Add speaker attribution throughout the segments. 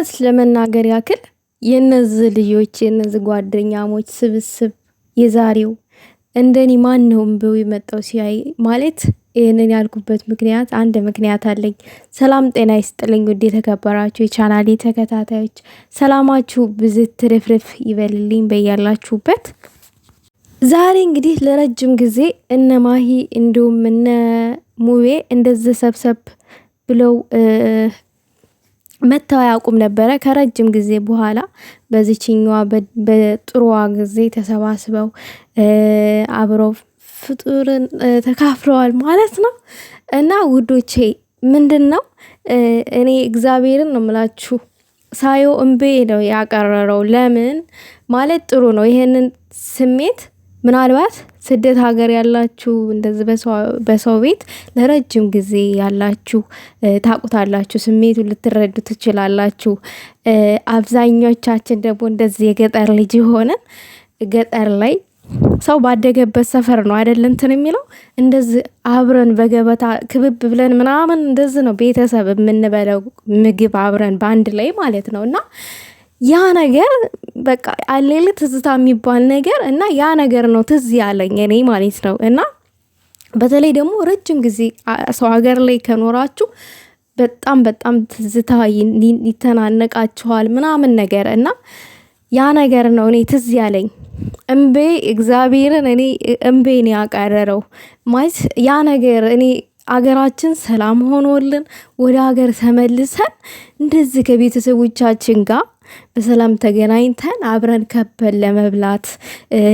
Speaker 1: እውነት ለመናገር ያክል የእነዚህ ልጆች የእነዚህ ጓደኛሞች ስብስብ የዛሬው እንደኔ ማን ነው ብው የመጣው ሲያይ ማለት ይህንን ያልኩበት ምክንያት አንድ ምክንያት አለኝ። ሰላም ጤና ይስጥልኝ ውድ የተከበራችሁ የቻናሌ ተከታታዮች፣ ሰላማችሁ ብዝት ትርፍርፍ ይበልልኝ በያላችሁበት። ዛሬ እንግዲህ ለረጅም ጊዜ እነ ማሂ እንዲሁም እነ ሙቤ እንደዚህ ሰብሰብ ብለው መተው አያውቁም ነበረ። ከረጅም ጊዜ በኋላ በዚችኛዋ በጥሩዋ ጊዜ ተሰባስበው አብረው ፍጡርን ተካፍለዋል ማለት ነው። እና ውዶቼ ምንድን ነው እኔ እግዚአብሔርን ነው ምላችሁ ሳዮ እምቤ ነው ያቀረረው። ለምን ማለት ጥሩ ነው ይሄንን ስሜት ምናልባት ስደት ሀገር ያላችሁ እንደዚህ በሰው ቤት ለረጅም ጊዜ ያላችሁ ታቁታላችሁ፣ ስሜቱ ልትረዱ ትችላላችሁ። አብዛኞቻችን ደግሞ እንደዚህ የገጠር ልጅ ሆነን ገጠር ላይ ሰው ባደገበት ሰፈር ነው አይደል እንትን የሚለው እንደዚህ አብረን በገበታ ክብብ ብለን ምናምን እንደዚህ ነው ቤተሰብ የምንበለው ምግብ አብረን በአንድ ላይ ማለት ነው እና ያ ነገር በቃ አሌል ትዝታ የሚባል ነገር እና ያ ነገር ነው ትዝ ያለኝ እኔ ማለት ነው። እና በተለይ ደግሞ ረጅም ጊዜ ሰው ሀገር ላይ ከኖራችሁ በጣም በጣም ትዝታ ይተናነቃችኋል ምናምን ነገር እና ያ ነገር ነው እኔ ትዝ ያለኝ። እምቤ እግዚአብሔርን እኔ እምቤን ያቀረረው ማለት ያ ነገር እኔ አገራችን ሰላም ሆኖልን ወደ ሀገር ተመልሰን እንደዚህ ከቤተሰቦቻችን ጋር በሰላም ተገናኝተን አብረን ከበን ለመብላት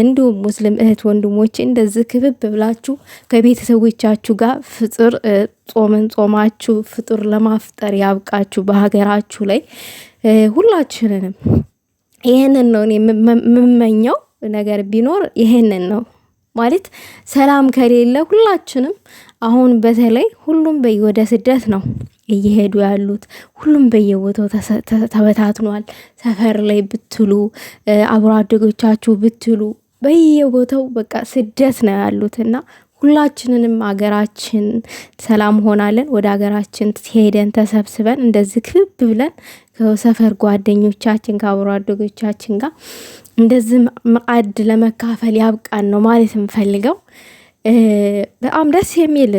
Speaker 1: እንዲሁም ሙስሊም እህት ወንድሞች እንደዚህ ክብብ ብላችሁ ከቤተሰቦቻችሁ ጋር ፍጡር ጾምን ጾማችሁ ፍጡር ለማፍጠር ያብቃችሁ በሀገራችሁ ላይ ሁላችንንም ይህንን ነው የምመኘው ነገር ቢኖር ይህንን ነው። ማለት ሰላም ከሌለ ሁላችንም አሁን በተለይ ሁሉም በይ ወደ ስደት ነው። እየሄዱ ያሉት ሁሉም በየቦታው ተበታትኗል። ሰፈር ላይ ብትሉ አብሮ አደጎቻችሁ ብትሉ በየቦታው በቃ ስደት ነው ያሉት እና ሁላችንንም አገራችን ሰላም ሆናለን ወደ አገራችን ሄደን ተሰብስበን እንደዚህ ክብ ብለን ከሰፈር ጓደኞቻችን ከአብሮ አደጎቻችን ጋር እንደዚህ ማዕድ ለመካፈል ያብቃን ነው ማለት የምፈልገው። በጣም ደስ የሚል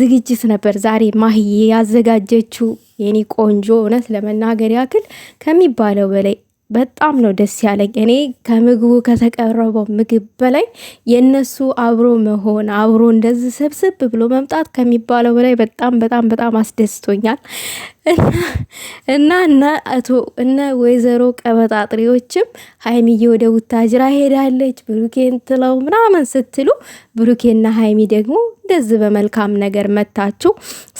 Speaker 1: ዝግጅት ነበር ዛሬ ማህዬ ያዘጋጀችው የኔ ቆንጆ። እውነት ለመናገር ያክል ከሚባለው በላይ በጣም ነው ደስ ያለኝ። እኔ ከምግቡ ከተቀረበው ምግብ በላይ የእነሱ አብሮ መሆን አብሮ እንደዚህ ሰብስብ ብሎ መምጣት ከሚባለው በላይ በጣም በጣም በጣም አስደስቶኛል። እና እና አቶ እነ ወይዘሮ ቀበጣጥሬዎችም ሀይሚዬ ወደ ውታጅራ ሄዳለች ብሩኬን ትለው ምናምን ስትሉ ብሩኬና ሀይሚ ደግሞ እንደዚህ በመልካም ነገር መታችሁ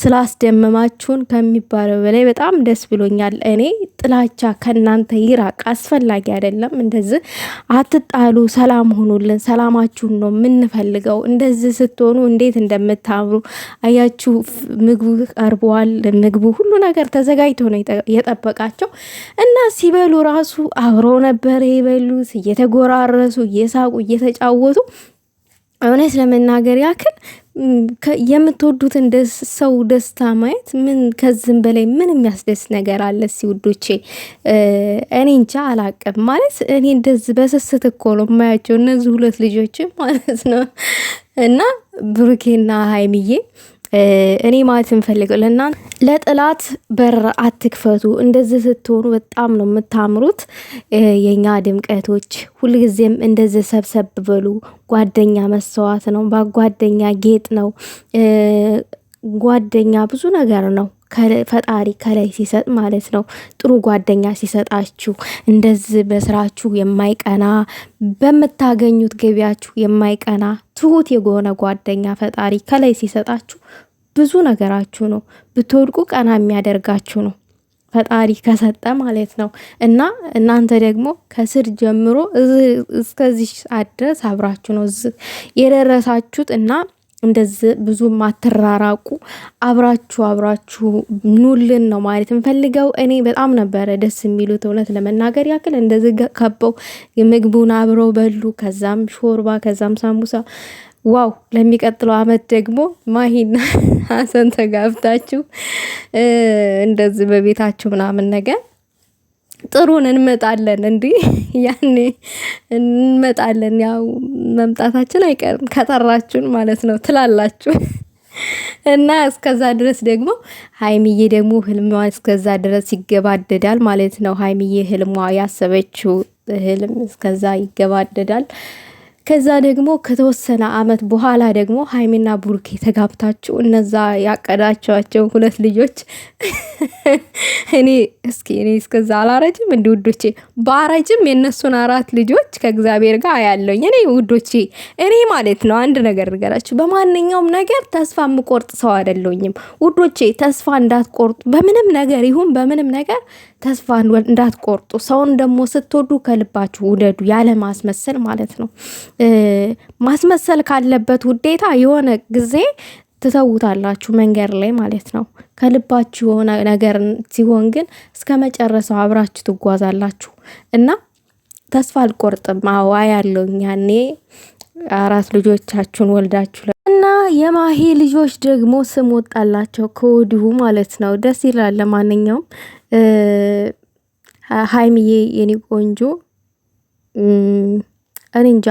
Speaker 1: ስላስደመማችሁን ከሚባለው በላይ በጣም ደስ ብሎኛል። እኔ ጥላቻ ከእናንተ ይራቅ። አስፈላጊ አይደለም። እንደዚህ አትጣሉ፣ ሰላም ሆኑልን። ሰላማችሁን ነው የምንፈልገው። እንደዚህ ስትሆኑ እንዴት እንደምታምሩ አያችሁ። ምግቡ ቀርበዋል። ምግቡ ሁሉ ነገር ተዘጋጅቶ ነው የጠበቃቸው እና ሲበሉ ራሱ አብረው ነበር የበሉት እየተጎራረሱ እየሳቁ እየተጫወቱ እውነት ለመናገር ያክል የምትወዱትን ሰው ደስታ ማየት ምን ከዚህም በላይ ምን የሚያስደስት ነገር አለ? ሲ ውዶቼ፣ እኔ እንጃ አላቅም። ማለት እኔ እንደዚህ በስስት እኮ ነው የማያቸው እነዚህ ሁለት ልጆች ማለት ነው እና ብሩኬና ሀይሚዬ እኔ ማለት እንፈልገው ለእናን ለጥላት በር አትክፈቱ። እንደዚህ ስትሆኑ በጣም ነው የምታምሩት የእኛ ድምቀቶች። ሁልጊዜም እንደዚህ ሰብሰብ በሉ። ጓደኛ መስዋዕት ነው፣ በጓደኛ ጌጥ ነው። ጓደኛ ብዙ ነገር ነው። ፈጣሪ ከላይ ሲሰጥ ማለት ነው። ጥሩ ጓደኛ ሲሰጣችሁ እንደዚህ በስራችሁ የማይቀና በምታገኙት ገቢያችሁ የማይቀና ትሁት የሆነ ጓደኛ ፈጣሪ ከላይ ሲሰጣችሁ ብዙ ነገራችሁ ነው። ብትወድቁ ቀና የሚያደርጋችሁ ነው ፈጣሪ ከሰጠ ማለት ነው። እና እናንተ ደግሞ ከስር ጀምሮ እስከዚህ ድረስ አብራችሁ ነው የደረሳችሁት እና እንደዚህ ብዙ ማትራራቁ አብራችሁ አብራችሁ ኑልን ነው ማለት የምፈልገው። እኔ በጣም ነበረ ደስ የሚሉት እውነት ለመናገር ያክል እንደዚህ ከበው ምግቡን አብረው በሉ፣ ከዛም ሾርባ፣ ከዛም ሳምቡሳ። ዋው! ለሚቀጥለው አመት ደግሞ ማሂና ሀሰን ተጋብታችሁ እንደዚህ በቤታችሁ ምናምን ነገር ጥሩን እንመጣለን እንዲ ያኔ እንመጣለን። ያው መምጣታችን አይቀርም ከጠራችሁን ማለት ነው ትላላችሁ። እና እስከዛ ድረስ ደግሞ ሀይሚዬ ደግሞ ህልሟ እስከዛ ድረስ ይገባደዳል ማለት ነው። ሀይሚዬ ህልሟ ያሰበችው ህልም እስከዛ ይገባደዳል። ከዛ ደግሞ ከተወሰነ አመት በኋላ ደግሞ ሀይሚና ቡርኬ ተጋብታችሁ እነዛ ያቀዳቸዋቸው ሁለት ልጆች እኔ እስኪ እኔ እስከዛ አላረጅም እንዲ ውዶቼ፣ ባረጅም የእነሱን አራት ልጆች ከእግዚአብሔር ጋር ያለውኝ እኔ ውዶቼ፣ እኔ ማለት ነው አንድ ነገር ንገራችሁ፣ በማንኛውም ነገር ተስፋ የምቆርጥ ሰው አይደለውኝም ውዶቼ። ተስፋ እንዳትቆርጡ፣ በምንም ነገር ይሁን በምንም ነገር ተስፋ እንዳትቆርጡ። ሰውን ደግሞ ስትወዱ ከልባችሁ ውደዱ፣ ያለ ማስመሰል ማለት ነው። ማስመሰል ካለበት ውዴታ የሆነ ጊዜ ትተውታላችሁ መንገድ ላይ ማለት ነው። ከልባችሁ የሆነ ነገር ሲሆን ግን እስከ መጨረሰው አብራችሁ ትጓዛላችሁ እና ተስፋ አልቆርጥም። አዋ ያለውኝ ያኔ አራት ልጆቻችሁን ወልዳችሁ እና የማሂ ልጆች ደግሞ ስም ወጣላቸው ከወዲሁ ማለት ነው። ደስ ይላል። ለማንኛውም ሀይሚዬ የኔ ቆንጆ እኔ እንጃ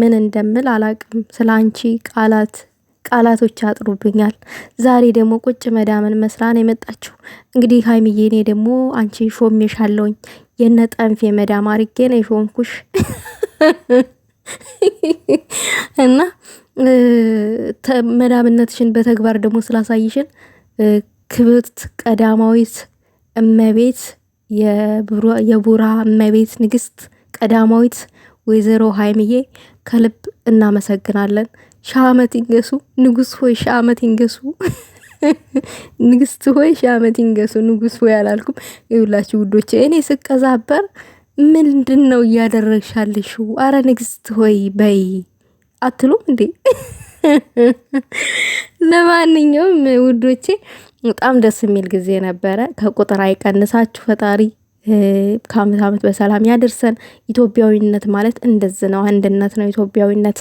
Speaker 1: ምን እንደምል አላቅም። ስለ አንቺ ቃላት ቃላቶች አጥሩብኛል። ዛሬ ደግሞ ቁጭ መዳምን መስራን የመጣችው። እንግዲህ ሀይሚዬ እኔ ደግሞ አንቺ ሾሜሻለሁኝ የነ ጠንፌ መዳም አርጌ ነው የሾምኩሽ እና መዳምነትሽን በተግባር ደግሞ ስላሳይሽን ክብርት ቀዳማዊት እመቤት የቡራ እመቤት ንግስት ቀዳማዊት ወይዘሮ ሀይምዬ ከልብ እናመሰግናለን። ሺህ ዓመት ይንገሱ ንጉስ ሆይ ሺህ ዓመት ይንገሱ ንግስት ሆይ ሺህ ዓመት ይንገሱ ንጉስ ሆይ አላልኩም። ይውላችሁ ውዶች፣ እኔ ስቀዛበር ምንድን ነው እያደረግሻለሽ? አረ ንግስት ሆይ በይ አትሉም እንዴ? ለማንኛውም ውዶቼ በጣም ደስ የሚል ጊዜ ነበረ። ከቁጥር አይቀንሳችሁ ፈጣሪ ከአመት አመት በሰላም ያደርሰን። ኢትዮጵያዊነት ማለት እንደዝ ነው፣ አንድነት ነው ኢትዮጵያዊነት።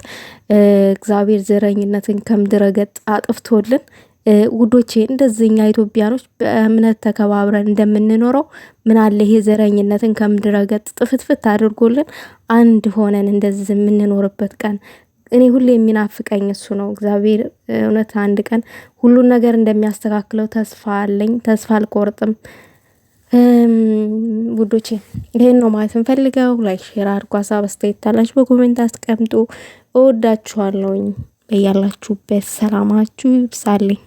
Speaker 1: እግዚአብሔር ዘረኝነትን ከምድረ ገጽ አጥፍቶልን ውዶቼ እንደዚህኛ ኢትዮጵያኖች በእምነት ተከባብረን እንደምንኖረው ምናለ ይሄ ዘረኝነትን ከምድረገጥ ጥፍትፍት አድርጎልን አንድ ሆነን እንደዚህ የምንኖርበት ቀን እኔ ሁሌ የሚናፍቀኝ እሱ ነው። እግዚአብሔር እውነት አንድ ቀን ሁሉን ነገር እንደሚያስተካክለው ተስፋ አለኝ። ተስፋ አልቆርጥም። ውዶቼ ይሄን ነው ማለት እንፈልገው። ላይክ፣ ሼር አድርጉ። ሀሳብ አስተያየት ካላችሁ በኮሜንት አስቀምጡ። እወዳችኋለሁኝ። በያላችሁበት ሰላማችሁ ይብሳልኝ።